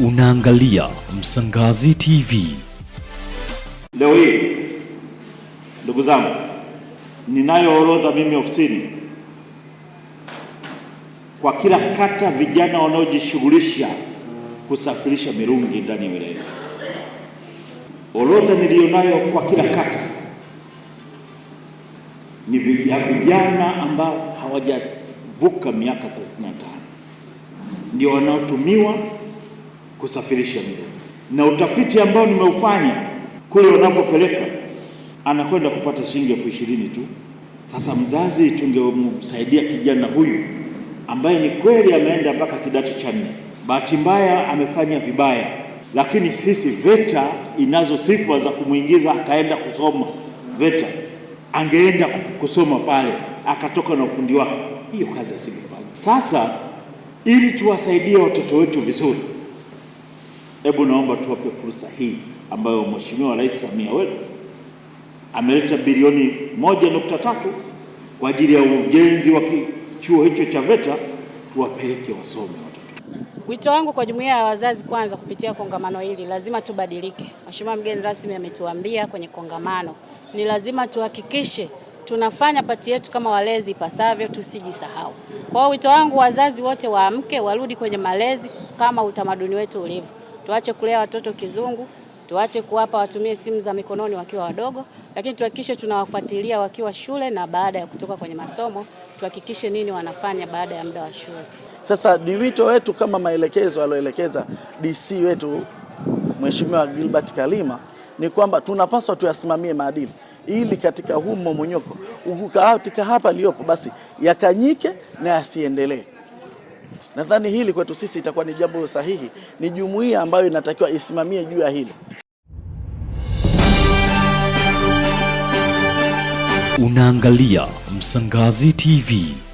Unaangalia Msangazi TV. Leo hii ndugu zangu, ninayo orodha mimi ofisini kwa kila kata vijana wanaojishughulisha kusafirisha mirungi ndani ya wilaya. Orodha niliyonayo kwa kila kata ni vijana ambao hawajavuka miaka 35 ndio wanaotumiwa kusafirisha mlo, na utafiti ambao nimeufanya kule unapopeleka anakwenda kupata shilingi elfu ishirini tu. Sasa mzazi, tungemsaidia kijana huyu ambaye ni kweli ameenda mpaka kidato cha nne, bahati mbaya amefanya vibaya, lakini sisi VETA inazo sifa za kumwingiza akaenda kusoma VETA. Angeenda kusoma pale akatoka na ufundi wake, hiyo kazi asingefanya. Sasa ili tuwasaidie watoto wetu vizuri Hebu naomba tuwape fursa hii ambayo Mheshimiwa Rais Samia wetu ameleta bilioni moja nukta tatu kwa ajili ya ujenzi wa chuo hicho cha VETA, tuwapeleke wasome watoto. Wito wangu kwa jumuiya ya wazazi, kwanza kupitia kongamano hili, lazima tubadilike. Mheshimiwa mgeni rasmi ametuambia kwenye kongamano, ni lazima tuhakikishe tunafanya pati yetu kama walezi ipasavyo, tusijisahau. Kwa hiyo wito wangu wazazi wote waamke, warudi kwenye malezi kama utamaduni wetu ulivyo tuache kulea watoto kizungu, tuache kuwapa watumie simu za mikononi wakiwa wadogo, lakini tuhakikishe tunawafuatilia wakiwa shule na baada ya kutoka kwenye masomo, tuhakikishe nini wanafanya baada ya muda wa shule. Sasa ni wito wetu kama maelekezo alioelekeza DC wetu Mheshimiwa Gilbert Kalima ni kwamba tunapaswa tuyasimamie maadili ili katika huu mmomonyoko katika hapa liyopo basi yakanyike na yasiendelee. Nadhani hili kwetu sisi itakuwa ni jambo sahihi, ni jumuiya ambayo inatakiwa isimamie juu ya hili. Unaangalia Msangazi TV.